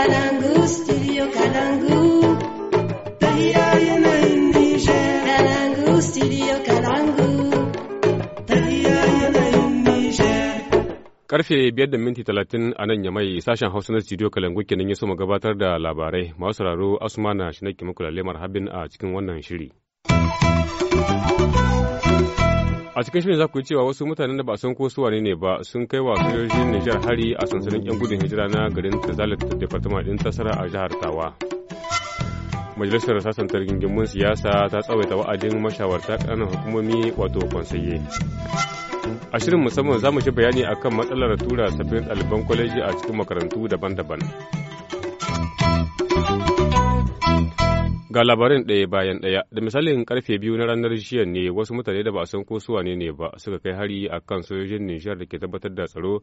studio Karfe biyar da minti talatin a nan ya mai sashen Hausa na studio Kalangu kenan ya soma gabatar da labarai. Masu sauraro Asmana Shinaki muku lemar marhabin a cikin wannan shiri. A cikin shirin za ku yi cewa wasu mutanen da ba san ko su wane ne ba sun kai wa sojojin Nijar hari a sansanin 'yan gudun hijira na garin Tazala da Departement ɗin Tasara a jihar Tawa. Majalisar sasanta rigingimun siyasa ta tsawaita wa'adin mashawarta ƙananan hukumomi wato konseye. A shirin musamman za mu shi bayani akan matsalar tura sabbin ɗaliban kwaleji a cikin makarantu daban-daban. Ga labarin ɗaya bayan ɗaya, da misalin karfe biyu na ranar jiya ne wasu mutane da ba a san ko su wane ne ba suka kai hari a kan sojojin Nijar da ke tabbatar da tsaro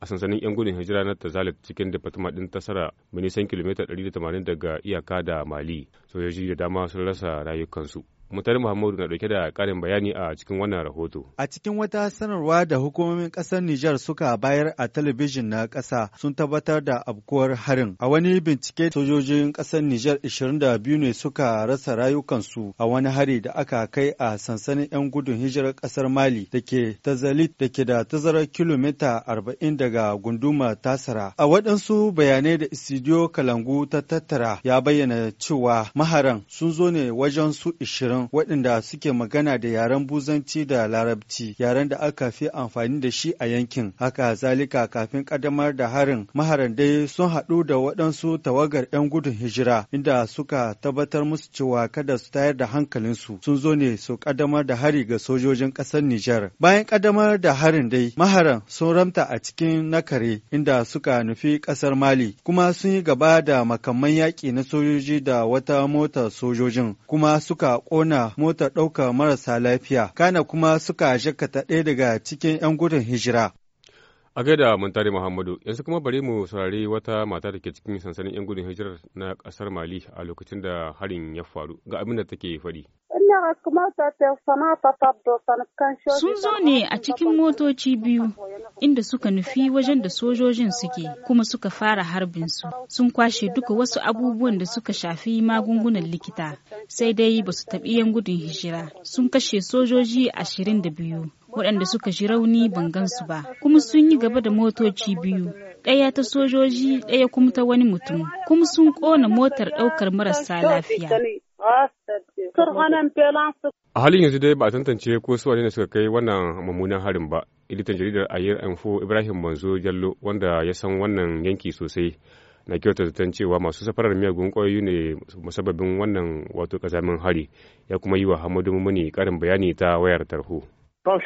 a sansanin 'yan gudun hijira na tazalit cikin departama ɗin tasara mai nisan kilomita 180 daga iyaka da Mali. Sojoji da dama sun rasa rayukansu. Mutar Muhammadu na dauke da karin bayani a cikin wannan rahoto. A cikin wata sanarwa da hukumomin kasar Nijar suka bayar a talabijin na kasa sun tabbatar da abkuwar harin. A wani bincike sojojin kasar Nijar 22 ne suka rasa rayukansu a wani hari da aka kai a sansanin 'yan gudun hijirar kasar Mali da ke Tazalit da ke da tazarar kilomita 40 daga gunduma Tasara. A waɗansu bayanai da Isidiyo Kalangu ta tattara ya bayyana cewa maharan sun zo ne wajen su 20 waɗanda suke magana da yaren buzanci da larabci yaren da aka fi amfani da shi a yankin haka zalika kafin ƙaddamar da harin maharan dai sun haɗu da waɗansu tawagar 'yan gudun hijira inda suka tabbatar musu cewa kada su tayar da hankalinsu sun zo ne su ƙaddamar da hari ga sojojin ƙasar Nijar. Bayan ƙaddamar da harin dai maharan sun ramta a cikin na kare. inda suka nufi ƙasar Mali kuma sun yi gaba da makamman yaƙi na sojoji da wata mota sojojin kuma suka ƙona kunna motar ɗaukar marasa lafiya, kana kuma suka jakata ɗaya daga cikin 'yan gudun hijira. A gaida Muntari Muhammadu, yanzu kuma bari mu saurari wata mata da ke cikin sansanin 'yan gudun hijirar na ƙasar Mali a lokacin da harin ya faru ga abin da take faɗi. Sun zo ne a cikin motoci biyu inda suka nufi wajen da sojojin suke kuma suka fara harbin su. Sun kwashe duka wasu abubuwan da suka shafi magungunan likita sai dai ba su taɓi yan gudun hijira. Sun kashe sojoji ashirin da biyu waɗanda suka ji rauni ban gansu ba kuma sun yi gaba da motoci biyu ɗaya ta sojoji ɗaya kuma ta wani mutum kuma sun ƙona motar ɗaukar marasa lafiya. A halin yanzu dai ba a tantance ko su ne suka kai wannan mummunan harin ba. Editan jaridar ayir Info Ibrahim Manzo Jallo wanda ya san wannan yanki sosai na kyauta zaton cewa masu safarar miyagun kwayoyi ne musababin wannan wato kazamin hari ya kuma yi wa Hamadu Mumuni karin bayani ta wayar tarho. A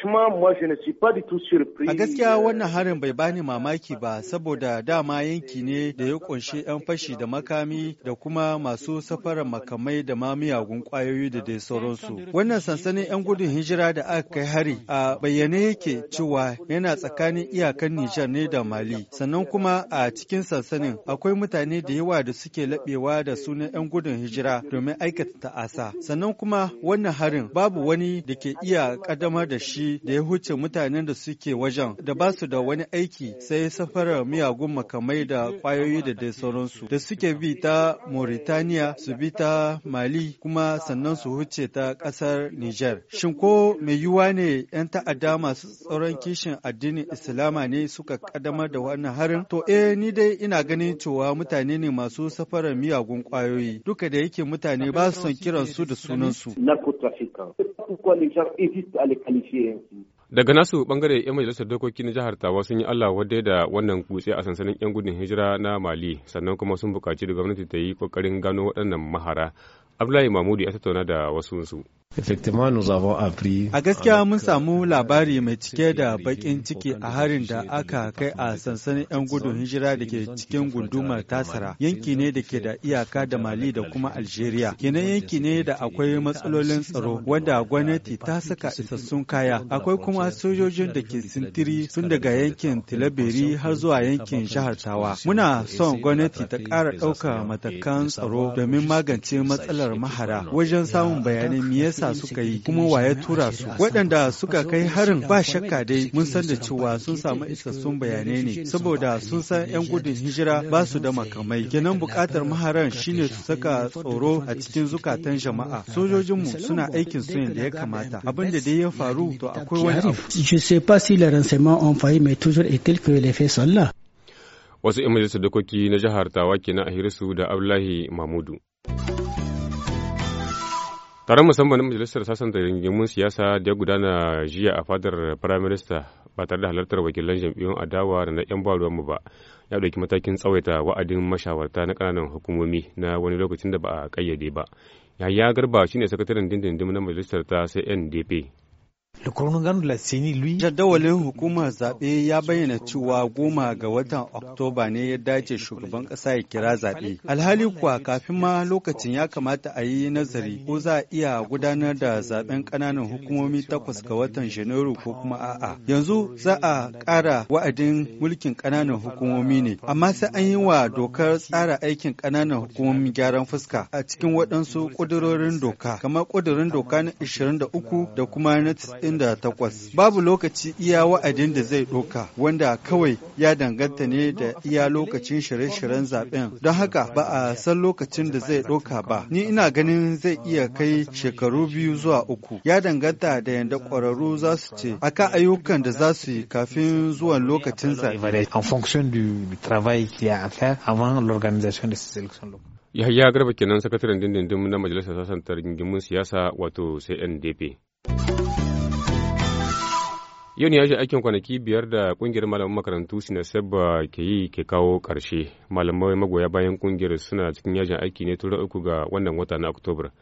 gaskiya wannan harin bai bani mamaki ba saboda dama yanki ne da ya kunshi 'yan fashi da makami da kuma masu safarar makamai da ma miyagun kwayoyi da dai sauransu. Wannan sansanin 'yan gudun hijira da aka kai hari a bayyane yake cewa yana tsakanin iyakan Nijar ne da Mali. Sannan kuma a cikin sansanin akwai mutane da yawa da suke laɓewa da sunan 'yan gudun hijira domin aikata ta'asa. Sannan kuma wannan harin babu wani da ke iya ƙaddamar da shi da ya huce mutanen da suke wajen da ba su da wani aiki sai safarar miyagun makamai da kwayoyi da dai sauransu da suke bi ta Mauritania su bi ta Mali kuma sannan su huce ta kasar Niger. Shin ko mai yiwuwa ne 'yan ta'adda masu tsaron kishin addinin Islama ne suka kaddamar da wannan harin? To eh ni dai ina ganin cewa mutane ne masu safarar miyagun kwayoyi duka da yake mutane ba su son kiransu da sunansu. suke yin su. Daga nasu bangare 'yan majalisar dokoki na jihar Tawa sun yi Allah wadai da wannan kutse a sansanin 'yan gudun hijira na Mali sannan kuma sun bukaci da gwamnati ta yi ƙoƙarin gano waɗannan mahara. Abdullahi Mahmudu ya tattauna da wasu A gaskiya mun samu labari mai cike da bakin ciki a harin da aka kai a sansanin 'yan gudun hijira da ke cikin gundumar Tasara. Yanki ne da ke da iyaka da Mali da kuma Algeria. Kenan yanki ne da akwai matsalolin tsaro wanda gwamnati ta saka isassun kaya. Akwai kuma sojojin da ke sintiri tun daga yankin Tilaberi har zuwa yankin jihar Tawa. Muna son gwamnati ta ƙara ɗaukar matakan tsaro domin magance matsalar mahara wajen samun bayanin me yasa siyasa suka yi kuma wa ya tura su waɗanda suka kai harin ba shakka dai mun san da cewa sun samu isassun bayanai ne saboda sun san 'yan gudun hijira ba su da makamai kenan buƙatar maharan shine su saka tsoro a cikin zukatan jama'a sojojinmu suna aikin su yadda ya kamata abin da dai ya faru to akwai wani je sais pas si les renseignements ont failli mais toujours est-il que les sont là wasu 'yan majalisar dokoki na jihar tawa kenan a hirisu da abdullahi mamudu Taron musamman majalisar sassan sasanta rigimun siyasa da ya gudana jiya a fadar firaminista ba tare da halartar wakilan jam'iyyun adawa da na 'yan mu ba ya ɗauki matakin tsawaita wa'adin mashawarta na kananan hukumomi na wani lokacin da ba a ƙayyade ba. Yahaya Garba shine sakataren dindindin na majalisar ta sai NDP. Jaddawalin hukumar zaɓe ya bayyana cewa goma ga watan oktoba ne ya dace shugaban ƙasa ya kira zaɓe alhali kuwa kafin ma lokacin ya kamata a yi nazari ko za a iya gudanar da zaɓen ƙananan hukumomi takwas ga watan janairu ko kuma a'a yanzu za a ƙara wa'adin mulkin ƙananan hukumomi ne amma sai an yi wa dokar tsara aikin ƙananan hukumomin gyaran fuska a cikin waɗansu ƙudurorin doka kamar ƙudurin doka na 23 da kuma na 98 babu lokaci iya wa'adin da zai ɗauka wanda kawai ya danganta ne da iya lokacin shirye-shiryen zaben don haka ba a san lokacin da zai ɗauka ba ni ina ganin zai iya kai shekaru biyu zuwa uku ya danganta da yadda kwararru za su ce aka ayyukan da za su yi kafin zuwan lokacin zaɓe. Garba kenan sakataren dindindin na Majalisar Sasantar Gingimin Siyasa wato CNDP. Yau ne yashin aikin kwanaki biyar da kungiyar malaman makarantu saba ke yi ke kawo karshe Malamai magoya bayan kungiyar suna cikin yajin aiki ne tun uku ga wannan wata na Oktobar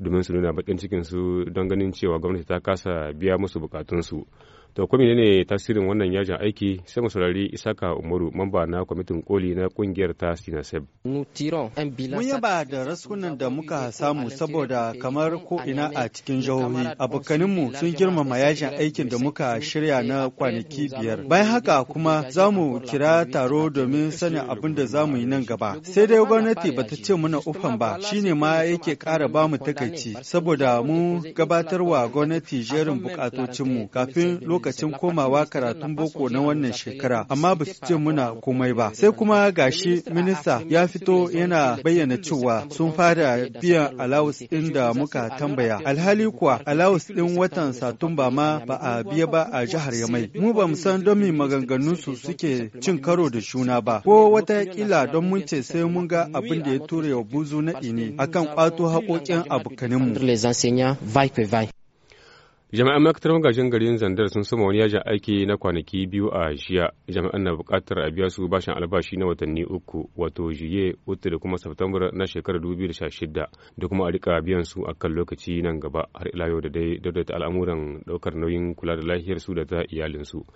domin su nuna bakin cikinsu don ganin cewa gwamnati ta kasa biya musu bukatunsu. To ko ne tasirin wannan yajin aiki sai mu saurari Isaka Umaru mamba na kwamitin koli na kungiyar ta Sinaseb. Mun yaba da raskunan da muka samu saboda kamar ko ina a cikin jihohi abokaninmu sun girmama yajin aikin da muka shirya na kwanaki biyar. Bayan haka kuma za mu kira taro domin sanin abin da za mu yi nan gaba. Sai dai gwamnati ba ta ce mana ufan ba shine ma yake kara ba mu takaici saboda mu gabatarwa gwamnati jerin bukatocinmu kafin lokacin lokacin komawa karatun boko na wannan shekara amma ba su ce muna komai ba sai kuma gashi minista ya fito yana bayyana cewa sun fara biyan alawus ɗin da muka tambaya alhali kuwa alawus ɗin watan satumba ma ba a biya ba a jihar yamai mu ba mu san don maganganun su suke cin karo da juna ba ko wata kila don mun ce sai mun ga abin da ya tura wa buzu na ine akan kwato haƙoƙin abokaninmu Jami'an makatar magajin garin Zandar sun sama wani yajin aiki na kwanaki biyu a jiya. Jami'an na bukatar a biya su bashin albashi na watanni uku, wato jiye uku da kuma Septembar na shekarar 2016 da kuma a rika biyan su a kan lokaci nan gaba har ila yau da dai daidaita al'amuran daukar nauyin kula da lafiyar su da ta iyalinsu su.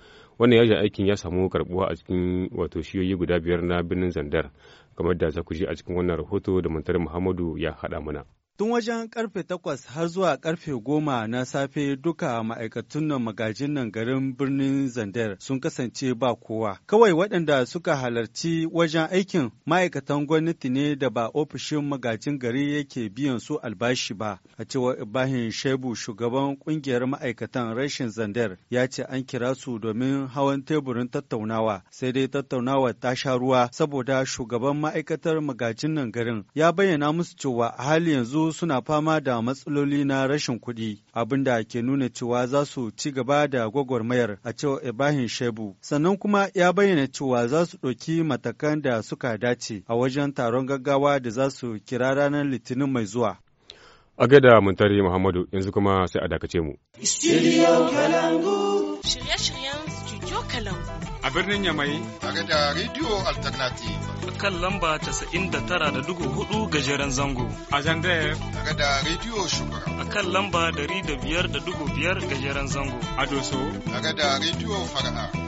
Wannan yajin aikin ya samu karbuwa a cikin wato shiyoyi guda biyar na birnin Zandar, kamar da za ku ji a cikin wannan rahoto da Muntari Muhammadu ya haɗa mana. Tun wajen karfe takwas har zuwa karfe goma na safe duka ma'aikatun nan magajin nan garin birnin Zandar sun kasance ba kowa. Kawai waɗanda suka halarci wajen aikin ma'aikatan gwamnati ne da ba ofishin magajin gari yake biyan su albashi ba. A cewar Ibrahim Shebu shugaban ƙungiyar ma'aikatan rashin Zandar ya ce an kira su domin hawan teburin tattaunawa. Sai dai tattaunawa ta sha ruwa saboda shugaban ma'aikatar magajin nan garin ya bayyana musu cewa a hali yanzu suna fama da matsaloli na rashin kuɗi abin da ke nuna cewa za su ci gaba da gwagwarmayar a cewa Ibrahim Shebu. Sannan kuma ya bayyana cewa za su ɗauki matakan da suka dace a wajen taron gaggawa da za su kira ranar Litinin mai zuwa. A gada Muntari Muhammadu yanzu kuma sai a dakace mu. Shirye-shiryen Studio Kalangu. a birnin Yamai. Tare da Radio Alternative. A kan lamba 99.4 gajeren zango. A Zandaya. Tare da Radio Shugaba. A kan lamba 105.5 gajeren zango. A Doso. Tare da Radio Fara'a.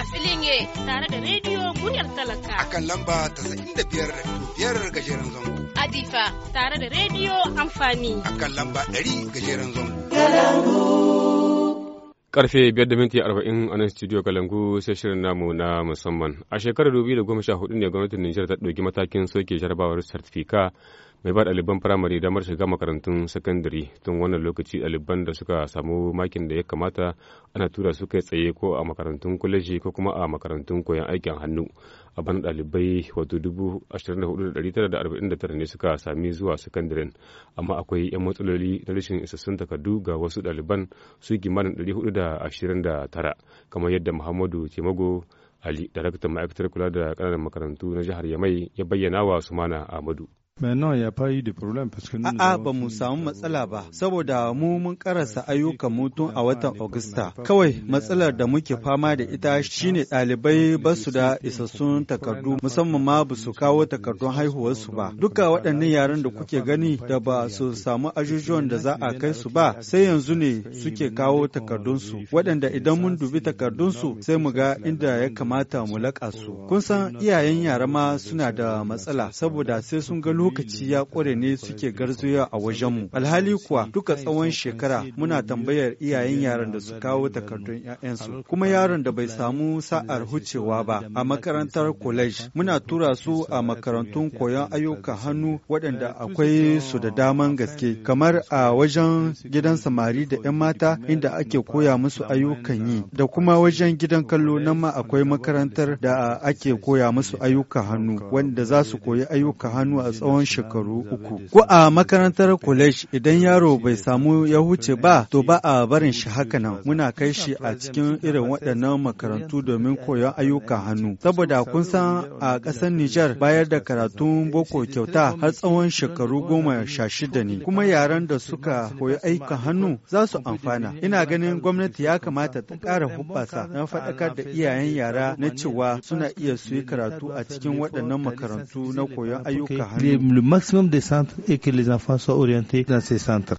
a filin ye tare da rediyo muryar talaka a kan lamba ta da biyar biyar gajeren zango adifa tare da rediyo amfani a kan lamba ɗari gajeren zango karfe biyar da minti arba'in a nan studio kalangu sai shirin namu na musamman a shekarar dubi da goma sha hudu ne gwamnatin nijar ta ɗauki matakin soke jarabawar sartifika mai ba ɗaliban firamare damar shiga makarantun sakandare tun wannan lokaci ɗaliban da suka samu makin da ya kamata ana tura su kai tsaye ko a makarantun kwaleji ko kuma a makarantun koyon aikin hannu a bana ɗalibai wato dubu ashirin da hudu tara da arba'in da tara ne suka sami zuwa sakandaren amma akwai yan matsaloli na rashin isassun takardu ga wasu ɗaliban su kimanin ɗari hudu da ashirin da tara kamar yadda muhammadu temago ali daraktan ma'aikatar kula da ƙananan makarantu na jihar yamai ya bayyana wa sumana ahmadu A'a ba mu samu matsala ba, saboda mu mun karasa ayyukan mutum a watan Agusta. Kawai matsalar da muke fama da ita euh, shine ɗalibai ba su da isassun takardu, musamman ma ba su kawo takardun haihuwarsu ba. Duka waɗannan yaran da kuke gani da ba su samu ajujuwan da za a kai su ba, sai yanzu ne suke kawo takardunsu, waɗanda idan mun dubi takardunsu sai mu ga inda ya kamata mu laƙa su. Kun san iyayen yara ma suna da matsala, saboda sai sun ga lokaci ya ƙware ne suke garzuya a wajenmu. Alhali kuwa duka tsawon shekara muna tambayar iyayen yaran da su kawo takardun 'ya'yansu. Kuma yaron da bai samu sa'ar hucewa ba a makarantar college muna tura su a makarantun koyon ayyuka hannu waɗanda akwai su da daman gaske kamar a wajen gidan samari da 'yan mata inda ake koya musu ayyukan yi da kuma wajen gidan kallo nan ma akwai makarantar da ake koya musu ayyukan hannu wanda za su koyi ayyukan hannu a tsawon tsawon shekaru uku. Ko a makarantar college idan yaro bai samu ya huce ba, to ba a barin shi haka nan. Muna kai shi a cikin irin waɗannan makarantu domin koyon ayyukan hannu. Saboda kun san a ƙasar Nijar bayar da karatun boko kyauta har tsawon shekaru goma sha shida ne. Kuma yaran da suka koyi ayyukan hannu za su amfana. Ina ganin gwamnati ya kamata ta ƙara hubbasa na faɗakar da iyayen yara na cewa suna iya su yi karatu a cikin waɗannan makarantu na koyon ayyukan hannu. le maximum de centres et que les enfants soient orientés dans ces centres.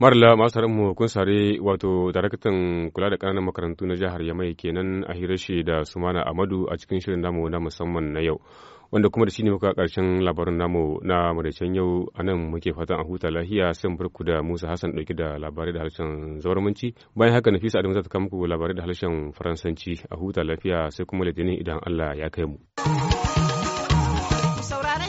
marla masu mu kun sare wato daraktan kula da ƙananan makarantu na jihar yamai kenan a hirashi da sumana amadu a cikin shirin namu na musamman na yau wanda kuma da shi ne muka karshen labarin namu na madaicen yau a nan muke fatan a huta lahiya san barku da musa hassan ɗauki da labarai da harshen zauramanci bayan haka nafisa adamu za ta kawo muku labarai da harshen faransanci a huta lafiya sai kuma litinin idan allah ya kai mu.